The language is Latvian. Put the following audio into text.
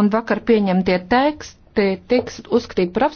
un vakar pieņemtie teksti tiks uzskatīti par apstiprinātiem.